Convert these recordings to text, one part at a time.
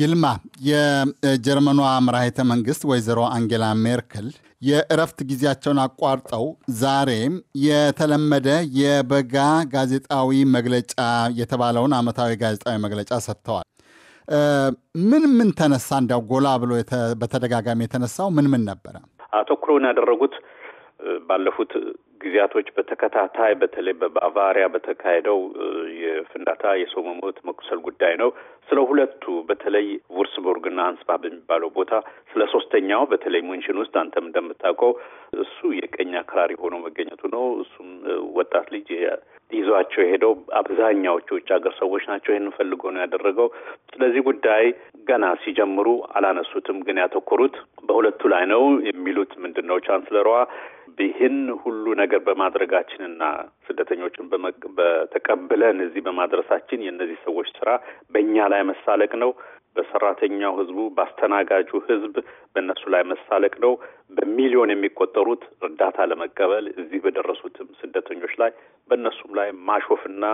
ይልማ የጀርመኗ መራሄተ መንግስት ወይዘሮ አንጌላ ሜርክል የእረፍት ጊዜያቸውን አቋርጠው ዛሬም የተለመደ የበጋ ጋዜጣዊ መግለጫ የተባለውን ዓመታዊ ጋዜጣዊ መግለጫ ሰጥተዋል። ምን ምን ተነሳ? እንዲያው ጎላ ብሎ በተደጋጋሚ የተነሳው ምን ምን ነበረ? አተኩረውን ያደረጉት ባለፉት ጊዜያቶች በተከታታይ በተለይ በባቫሪያ በተካሄደው የፍንዳታ የሰው መሞት መቁሰል ጉዳይ ነው። ስለ ሁለቱ በተለይ ውርስቡርግና አንስባ በሚባለው ቦታ ስለ ሶስተኛው በተለይ ሙንሽን ውስጥ አንተም እንደምታውቀው እሱ የቀኝ አክራሪ ሆኖ መገኘቱ ነው። እሱም ወጣት ልጅ ይዟቸው የሄደው አብዛኛዎቹ ውጭ ሀገር ሰዎች ናቸው። ይህን ፈልገው ነው ያደረገው። ስለዚህ ጉዳይ ገና ሲጀምሩ አላነሱትም፣ ግን ያተኮሩት በሁለቱ ላይ ነው የሚሉት ምንድን ነው ቻንስለሯ ይህን ሁሉ ነገር በማድረጋችንና ስደተኞችን በተቀብለን እዚህ በማድረሳችን የእነዚህ ሰዎች ስራ በእኛ ላይ መሳለቅ ነው። በሰራተኛው ህዝቡ፣ በአስተናጋጁ ህዝብ በእነሱ ላይ መሳለቅ ነው። በሚሊዮን የሚቆጠሩት እርዳታ ለመቀበል እዚህ በደረሱትም ስደተኞች ላይ በእነሱም ላይ ማሾፍና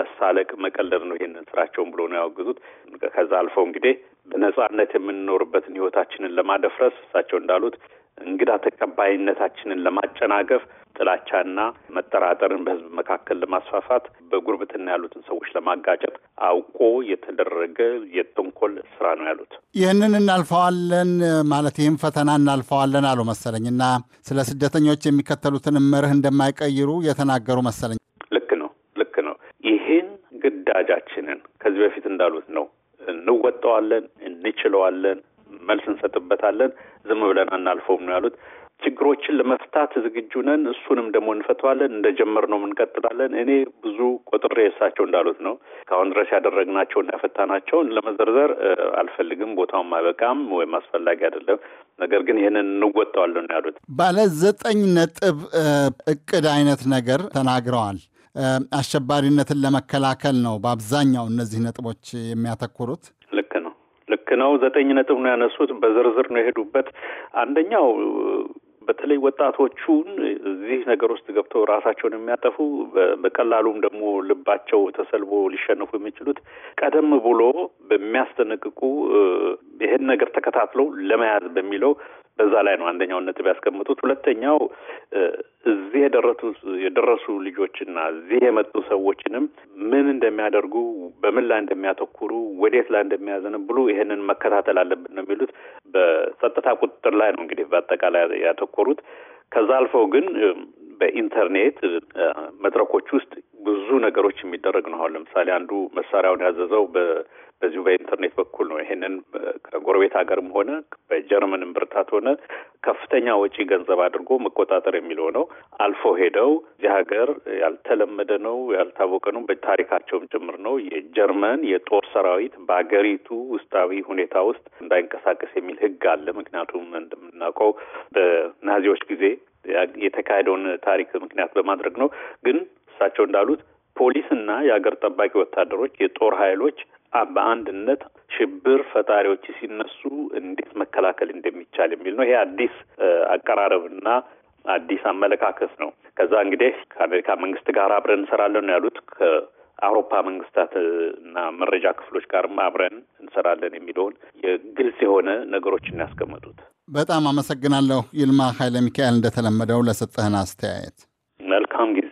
መሳለቅ፣ መቀለድ ነው። ይህንን ስራቸውን ብሎ ነው ያወግዙት። ከዛ አልፈው እንግዲህ በነጻነት የምንኖርበትን ህይወታችንን ለማደፍረስ እሳቸው እንዳሉት እንግዳ ተቀባይነታችንን ለማጨናገፍ ጥላቻና መጠራጠርን በህዝብ መካከል ለማስፋፋት በጉርብትና ያሉትን ሰዎች ለማጋጨት አውቆ የተደረገ የተንኮል ስራ ነው ያሉት። ይህንን እናልፈዋለን ማለት ይህም ፈተና እናልፈዋለን አሉ መሰለኝ እና ስለ ስደተኞች የሚከተሉትን መርህ እንደማይቀይሩ የተናገሩ መሰለኝ። ልክ ነው፣ ልክ ነው። ይህን ግዳጃችንን ከዚህ በፊት እንዳሉት ነው እንወጣዋለን፣ እንችለዋለን መልስ እንሰጥበታለን፣ ዝም ብለን አናልፈውም ነው ያሉት። ችግሮችን ለመፍታት ዝግጁ ነን፣ እሱንም ደግሞ እንፈተዋለን፣ ነው እንቀጥላለን። እኔ ብዙ ቆጥሬ እሳቸው እንዳሉት ነው እስካሁን ድረስ ያደረግናቸውና ያፈታናቸውን ለመዘርዘር አልፈልግም፣ ቦታውም አይበቃም ወይም አስፈላጊ አይደለም። ነገር ግን ይህንን እንወጣዋለን ነው ያሉት። ባለ ዘጠኝ ነጥብ እቅድ አይነት ነገር ተናግረዋል። አሸባሪነትን ለመከላከል ነው በአብዛኛው እነዚህ ነጥቦች የሚያተኩሩት። ልክ ነው። ዘጠኝ ነጥብ ነው ያነሱት። በዝርዝር ነው የሄዱበት። አንደኛው በተለይ ወጣቶቹን እዚህ ነገር ውስጥ ገብተው ራሳቸውን የሚያጠፉ በቀላሉም ደግሞ ልባቸው ተሰልቦ ሊሸነፉ የሚችሉት ቀደም ብሎ በሚያስጠነቅቁ ይህን ነገር ተከታትለው ለመያዝ በሚለው በዛ ላይ ነው አንደኛውን ነጥብ ያስቀምጡት። ሁለተኛው እዚህ የደረሱ የደረሱ ልጆችና እዚህ የመጡ ሰዎችንም ምን እንደሚያደርጉ በምን ላይ እንደሚያተኩሩ ወዴት ላይ እንደሚያዘነብሉ ይሄንን መከታተል አለብን ነው የሚሉት። በጸጥታ ቁጥጥር ላይ ነው እንግዲህ በአጠቃላይ ያተኮሩት። ከዛ አልፈው ግን በኢንተርኔት መድረኮች ውስጥ ብዙ ነገሮች የሚደረግ ነው። አሁን ለምሳሌ አንዱ መሳሪያውን ያዘዘው በዚሁ በኢንተርኔት በኩል ነው። ይሄንን ከጎረቤት ሀገርም ሆነ በጀርመንም ብርታት ሆነ ከፍተኛ ወጪ ገንዘብ አድርጎ መቆጣጠር የሚለው ነው። አልፎ ሄደው እዚህ ሀገር ያልተለመደ ነው፣ ያልታወቀ ነው፣ በታሪካቸውም ጭምር ነው። የጀርመን የጦር ሰራዊት በሀገሪቱ ውስጣዊ ሁኔታ ውስጥ እንዳይንቀሳቀስ የሚል ሕግ አለ። ምክንያቱም እንደምናውቀው በናዚዎች ጊዜ የተካሄደውን ታሪክ ምክንያት በማድረግ ነው። ግን እሳቸው እንዳሉት ፖሊስና የአገር ጠባቂ ወታደሮች፣ የጦር ኃይሎች በአንድነት ሽብር ፈጣሪዎች ሲነሱ እንዴት መከላከል እንደሚቻል የሚል ነው። ይሄ አዲስ አቀራረብና አዲስ አመለካከት ነው። ከዛ እንግዲህ ከአሜሪካ መንግስት ጋር አብረን እንሰራለን ነው ያሉት። ከአውሮፓ መንግስታት እና መረጃ ክፍሎች ጋርም አብረን እንሰራለን የሚለውን የግልጽ የሆነ ነገሮችን ያስቀመጡት። በጣም አመሰግናለሁ ይልማ ኃይለ ሚካኤል እንደተለመደው ለሰጠህን አስተያየት። መልካም ጊዜ